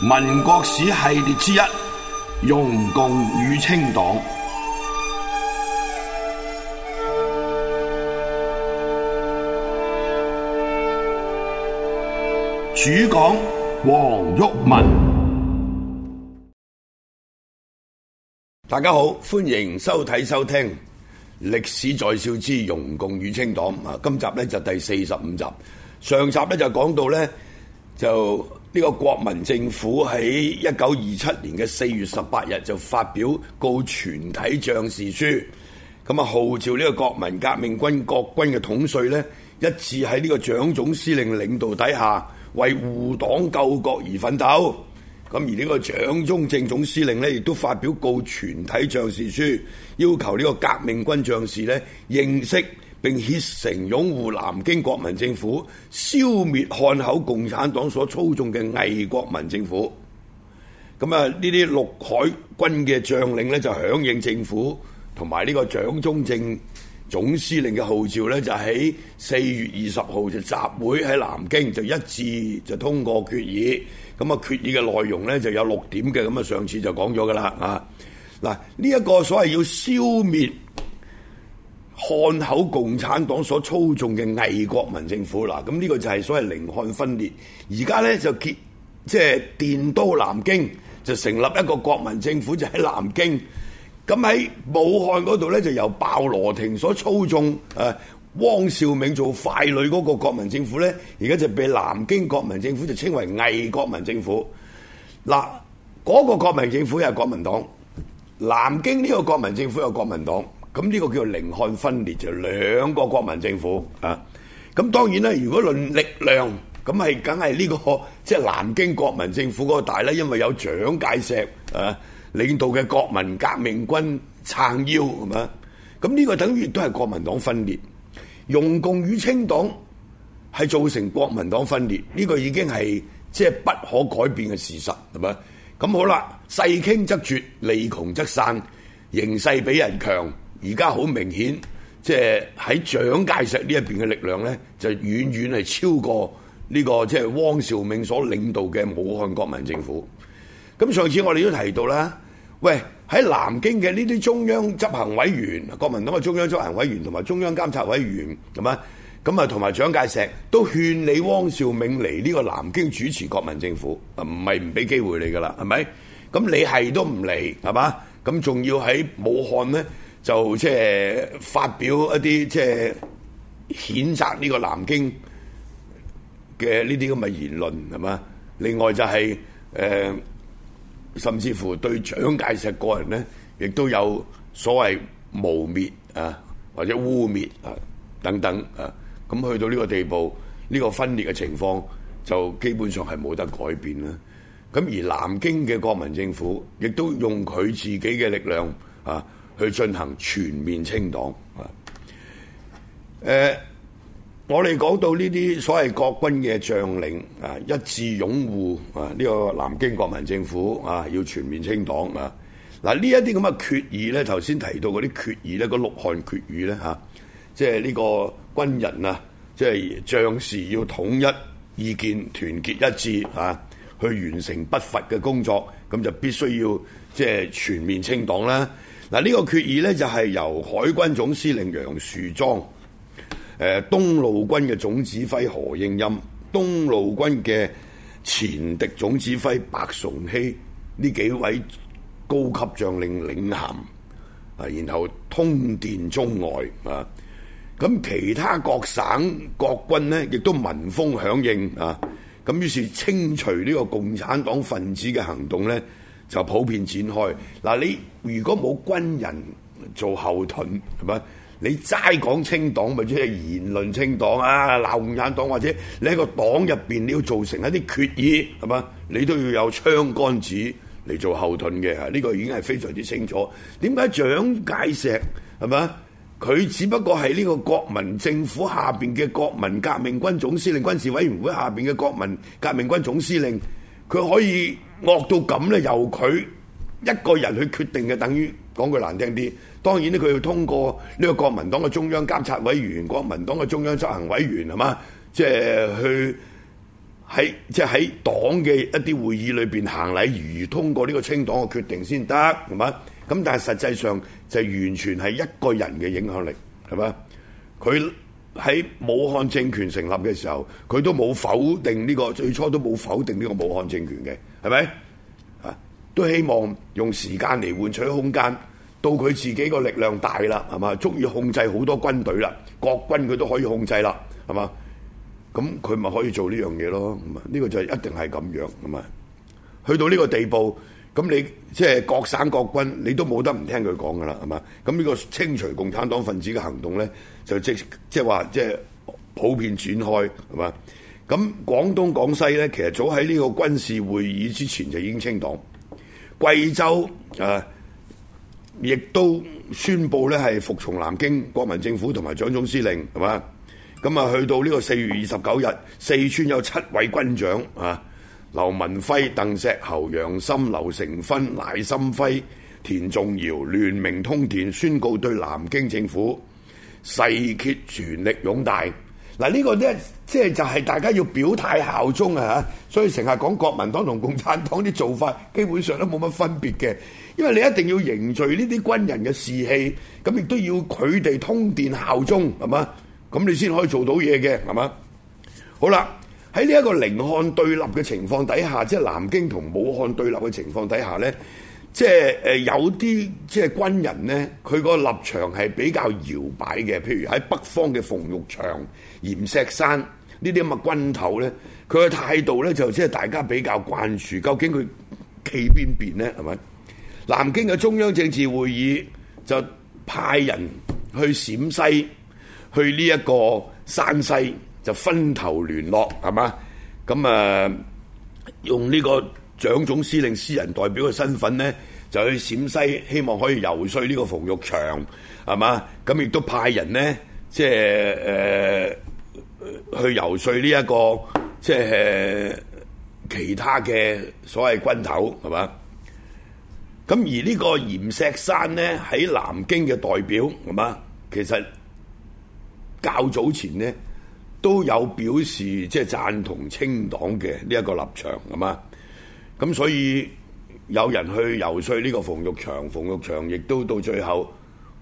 民國史系列之一《容共與清黨》主持，主講黃毓民。大家好，歡迎收睇收聽《歷史在笑之容共與清黨》啊！今集咧就第四十五集，上集咧就講到咧就。呢個國民政府喺一九二七年嘅四月十八日就發表告全體將士書，咁啊號召呢個國民革命軍各軍嘅統帥呢，一致喺呢個蔣總司令領導底下，為護黨救國而奮鬥。咁而呢個蔣中正總司令呢，亦都發表告全體將士書，要求呢個革命軍將士呢認識。並協成擁護南京國民政府，消滅漢口共產黨所操縱嘅偽國民政府。咁啊，呢啲陸海軍嘅將領呢，就響應政府同埋呢個蔣中正總司令嘅號召呢，就喺四月二十號就集會喺南京，就一致就通過決議。咁啊，決議嘅內容呢，就有六點嘅咁啊，上次就講咗噶啦啊。嗱，呢一個所謂要消滅。漢口共產黨所操縱嘅偽國民政府嗱，咁呢個就係所謂寧漢分裂。而家呢，就結即係奠都南京，就成立一個國民政府，就喺南京。咁喺武漢嗰度呢，就由鮑羅廷所操縱，誒、呃，汪兆銘做傀儡嗰個國民政府呢，而家就被南京國民政府就稱為偽國民政府。嗱，嗰個國民政府又係國民黨，南京呢個國民政府又係國民黨。咁呢個叫做「寧漢分裂」，就兩、是、個國民政府啊！咁當然啦，如果論力量，咁係梗係呢個即係、就是、南京國民政府嗰個大咧，因為有蔣介石啊領導嘅國民革命軍撐腰，咁啊！咁呢個等於都係國民黨分裂，容共與清黨係造成國民黨分裂，呢、這個已經係即係不可改變嘅事實，係、啊、咪？咁好啦，勢傾則絕，利窮則散，形勢比人強。而家好明顯，即係喺蔣介石呢一邊嘅力量咧，就遠遠係超過呢個即係汪兆銘所領導嘅武漢國民政府。咁上次我哋都提到啦，喂，喺南京嘅呢啲中央執行委員、國民黨嘅中央執行委員同埋中央監察委員，係咪？咁啊，同埋蔣介石都勸你汪兆銘嚟呢個南京主持國民政府，唔係唔俾機會你噶啦，係咪？咁你係都唔嚟，係嘛？咁仲要喺武漢咧？就即係發表一啲即係譴責呢個南京嘅呢啲咁嘅言論係嘛？另外就係、是、誒、呃，甚至乎對蔣介石個人呢，亦都有所謂誣蔑啊，或者污蔑啊等等啊。咁去到呢個地步，呢、這個分裂嘅情況就基本上係冇得改變啦。咁、啊、而南京嘅國民政府亦都用佢自己嘅力量啊。去進行全面清黨啊！我哋講到呢啲所謂國軍嘅將領啊，一致擁護啊呢、這個南京國民政府啊，要全面清黨啊！嗱、啊，呢一啲咁嘅決議咧，頭先提到嗰啲決議咧，個六項決議咧嚇，即係呢個軍人啊，即係將士要統一意見、團結一致啊，去完成北伐嘅工作，咁就必須要即係、就是、全面清黨啦。啊嗱呢個決議呢，就係由海軍總司令楊樹莊、誒東路軍嘅總指揮何應欽、東路軍嘅前敵總指揮白崇禧呢幾位高級將領領銜啊，然後通電中外啊，咁其他各省各軍呢，亦都聞風響應啊，咁於是清除呢個共產黨分子嘅行動呢，就普遍展開嗱，你如果冇軍人做後盾，係咪？你齋講清黨或者係言論清黨啊，鬧眼黨或者你喺個黨入邊你要做成一啲決議，係咪？你都要有槍桿子嚟做後盾嘅，係、這、呢個已經係非常之清楚。點解蔣介石係咪？佢只不過係呢個國民政府下邊嘅國民革命軍總司令軍事委員會下邊嘅國民革命軍總司令。佢可以惡到咁咧，由佢一個人去決定嘅，等於講句難聽啲，當然咧佢要通過呢個國民黨嘅中央監察委員、國民黨嘅中央執行委員係嘛，即係、即係、去喺即係喺黨嘅一啲會議裏邊行禮如儀，通過呢個清黨嘅決定先得，係嘛？咁但係實際上就完全係一個人嘅影響力，係嘛？佢。喺武漢政權成立嘅時候，佢都冇否定呢個，最初都冇否定呢個武漢政權嘅，係咪？啊，都希望用時間嚟換取空間，到佢自己個力量大啦，係嘛？足以控制好多軍隊啦，國軍佢都可以控制啦，係嘛？咁佢咪可以做呢樣嘢咯？咁啊，呢個就係一定係咁樣咁啊，去到呢個地步。咁你即係、就是、各省各軍，你都冇得唔聽佢講㗎啦，係嘛？咁呢個清除共產黨分子嘅行動呢，就即即係話即係普遍轉開，係嘛？咁廣東廣西呢，其實早喺呢個軍事會議之前就已經清黨。貴州啊，亦都宣布呢係服從南京國民政府同埋蔣總司令，係嘛？咁啊，去到呢個四月二十九日，四川有七位軍長啊。劉文輝、鄧錫侯、楊森、劉成勳、賴心輝、田仲堯聯名通電，宣告對南京政府誓竭全力擁戴。嗱呢、啊這個呢，即係就係、是、大家要表態效忠啊！吓，所以成日講國民黨同共產黨啲做法，基本上都冇乜分別嘅，因為你一定要凝聚呢啲軍人嘅士氣，咁亦都要佢哋通電效忠，係嘛？咁你先可以做到嘢嘅，係嘛？好啦。喺呢一個寧漢對立嘅情況底下，即係南京同武漢對立嘅情況底下呢，即係有啲即係軍人呢，佢個立場係比較搖擺嘅。譬如喺北方嘅馮玉祥、閻錫山呢啲咁嘅軍頭呢，佢嘅態度呢，就即係大家比較關注，究竟佢企邊邊呢？係咪？南京嘅中央政治會議就派人去陝西，去呢一個山西。就分頭聯絡係嘛，咁啊用呢個蔣總司令私人代表嘅身份咧，就去陝西，希望可以游說呢個馮玉祥係嘛，咁亦都派人咧，即係誒、呃、去游說呢、這、一個即係、呃、其他嘅所謂的軍頭係嘛，咁而呢個閻錫山咧喺南京嘅代表係嘛，其實較早前呢，都有表示即係贊同清黨嘅呢一個立場咁嘛。咁所以有人去遊說呢個馮玉祥，馮玉祥亦都到最後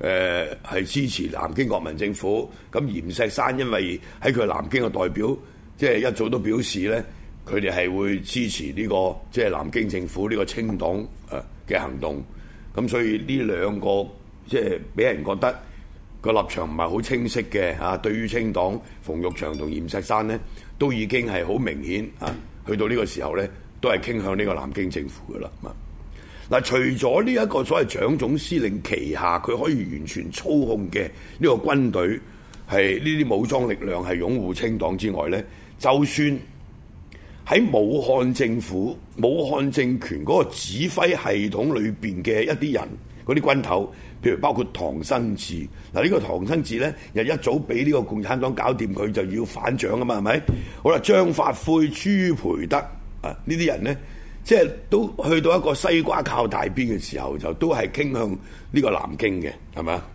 誒係、呃、支持南京國民政府。咁閻錫山因為喺佢南京嘅代表，即、就、係、是、一早都表示咧，佢哋係會支持呢、這個即係、就是、南京政府呢個清黨誒嘅行動，咁所以呢兩個即係俾人覺得。個立場唔係好清晰嘅嚇，對於清黨，馮玉祥同閻錫山呢，都已經係好明顯嚇、啊，去到呢個時候呢，都係傾向呢個南京政府噶啦。嗱、啊，除咗呢一個所謂蔣總司令旗下，佢可以完全操控嘅呢個軍隊，係呢啲武裝力量係擁護清黨之外呢，就算喺武漢政府、武漢政權嗰個指揮系統裏邊嘅一啲人。嗰啲軍頭，譬如包括唐生智，嗱、啊、呢、呢個唐生智咧，又一早俾呢個共產黨搞掂佢就要反蔣啊嘛，係咪？好啦，張發奎、朱培德啊，呢啲人咧，即係都去到一個西瓜靠大邊嘅時候，就都係傾向呢個南京嘅，係咪啊？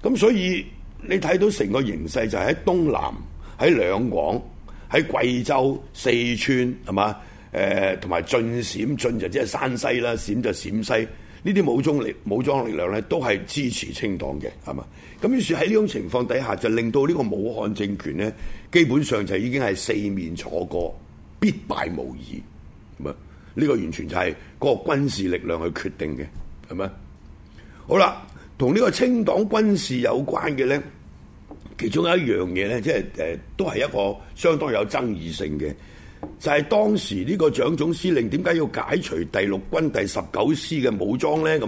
咁所以你睇到成個形勢就喺東南、喺兩廣、喺貴州、四川，係嘛？誒、呃，同埋晉陜，晉就即係山西啦，陜就陜西。呢啲武裝力、武裝力量咧，都係支持清黨嘅，係嘛？咁於是喺呢種情況底下，就令到呢個武漢政權咧，基本上就已經係四面楚歌，必敗無疑。咁啊，呢、這個完全就係嗰個軍事力量去決定嘅，係咪？好啦，同呢個清黨軍事有關嘅咧，其中有一樣嘢咧，即係誒，都係一個相當有爭議性嘅。就係當時呢個蔣總司令點解要解除第六軍第十九師嘅武裝呢？咁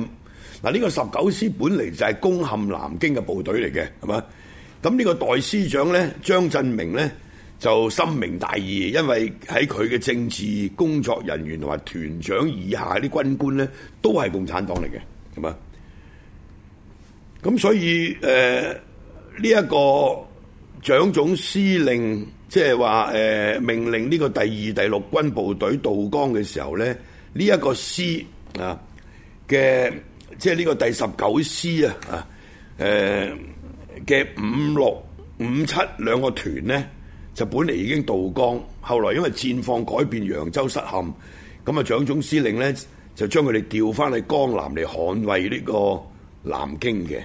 嗱，呢個十九師本嚟就係攻陷南京嘅部隊嚟嘅，係嘛？咁呢個代師長呢，張振明呢，就深明大義，因為喺佢嘅政治工作人員同埋團長以下啲軍官呢，都係共產黨嚟嘅，係嘛？咁所以誒，呢一個蔣總司令。即係話誒，命令呢個第二第六軍部隊渡江嘅時候咧，呢、這、一個師啊嘅，即係呢個第十九師啊，啊誒嘅五六五七兩個團呢，就本嚟已經渡江，後來因為戰況改變，揚州失陷，咁啊，蔣總司令呢，就將佢哋調翻去江南嚟捍衛呢個南京嘅。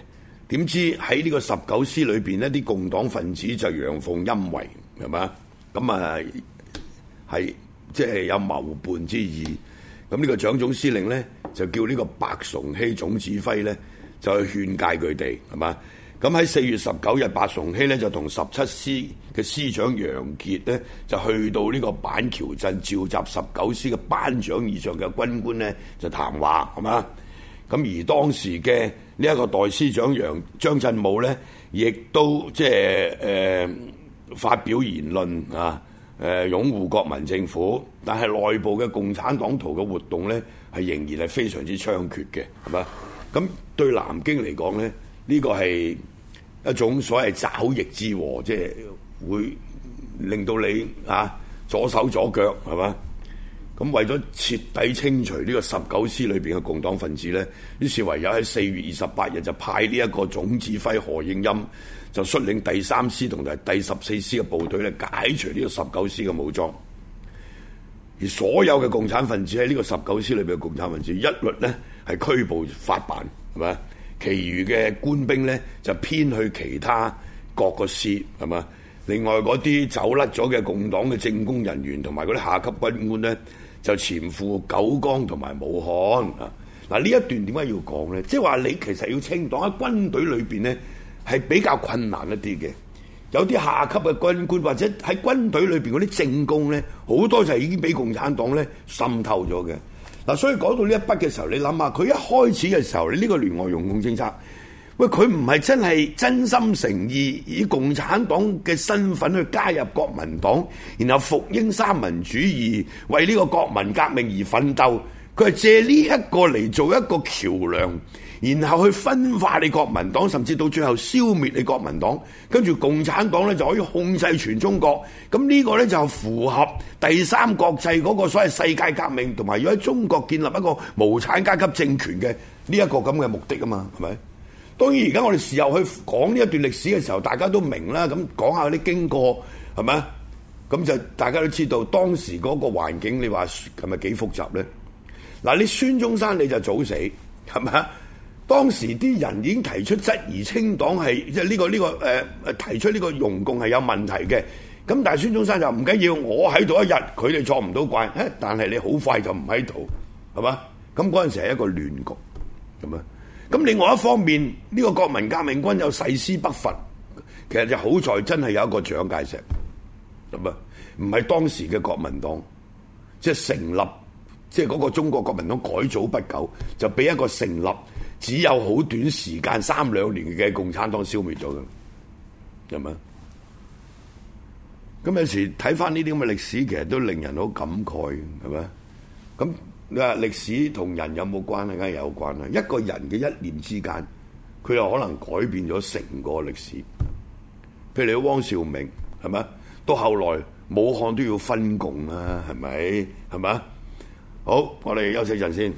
點知喺呢個十九師裏邊咧，啲共黨分子就陽奉陰違。係嘛？咁啊，係即係有謀叛之意。咁呢個蔣總司令咧，就叫呢個白崇禧總指揮咧，就去勸誡佢哋，係嘛？咁喺四月十九日，白崇禧咧就同十七師嘅師長楊杰咧，就去到呢個板橋鎮召集十九師嘅班長以上嘅軍官咧，就談話，係嘛？咁而當時嘅呢一個代師長楊張振武咧，亦都即係誒。就是呃發表言論啊，誒擁護國民政府，但係內部嘅共產黨徒嘅活動咧，係仍然係非常之猖獗嘅，係嘛？咁對南京嚟講咧，呢、呢個係一種所謂肘腋之禍，即係會令到你啊左手左腳，係嘛？咁為咗徹底清除呢個十九師裏邊嘅共黨分子咧，於是唯有喺四月二十八日就派呢一個總指揮何應欽，就率領第三師同埋第十四師嘅部隊咧解除呢個十九師嘅武裝，而所有嘅共產分子喺呢個十九師裏邊嘅共產分子一律咧係拘捕法辦，係咪？其餘嘅官兵咧就編去其他各個師，係咪？另外嗰啲走甩咗嘅共黨嘅政工人員同埋嗰啲下級軍官咧，就潛赴九江同埋武漢啊！嗱呢一段點解要講咧？即係話你其實要清黨喺軍隊裏邊咧，係比較困難一啲嘅。有啲下級嘅軍官或者喺軍隊裏邊嗰啲政工咧，好多就係已經俾共產黨咧滲透咗嘅。嗱，所以講到呢一筆嘅時候，你諗下佢一開始嘅時候，你、這、呢個聯俄容共政策。喂，佢唔係真係真心誠意以共產黨嘅身份去加入國民黨，然後服膺三民主義，為呢個國民革命而奮鬥。佢係借呢一個嚟做一個橋梁，然後去分化你國民黨，甚至到最後消滅你國民黨，跟住共產黨咧就可以控制全中國。咁呢個咧就符合第三國際嗰個所謂世界革命，同埋要喺中國建立一個無產階級政權嘅呢一個咁嘅目的啊嘛，係咪？當然而家我哋事後去講呢一段歷史嘅時候，大家都明啦。咁講下啲經過係咪？咁就大家都知道當時嗰個環境，你話係咪幾複雜咧？嗱，你孫中山你就早死係嘛？當時啲人已經提出質疑清黨係即係呢個呢、呢個誒、呃、提出呢個容共係有問題嘅。咁但係孫中山就唔緊要，我喺度一日，佢哋作唔到怪。誒，但係你好快就唔喺度係嘛？咁嗰陣時係一個亂局咁啊。是咁另外一方面，呢、這個國民革命軍又誓師北伐，其實就好在真係有一個蔣介石，咁啊，唔係當時嘅國民黨，即、就、係、是、成立，即係嗰個中國國民黨改組不久，就俾一個成立只有好短時間三兩年嘅共產黨消滅咗嘅，係咪？咁有時睇翻呢啲咁嘅歷史，其實都令人好感慨，係咪？咁。你話歷史同人有冇關係？梗係有關啦！一個人嘅一念之間，佢又可能改變咗成個歷史。譬如你汪兆銘係咪？到後來武漢都要分共啦，係咪？係咪？好，我哋休息陣先。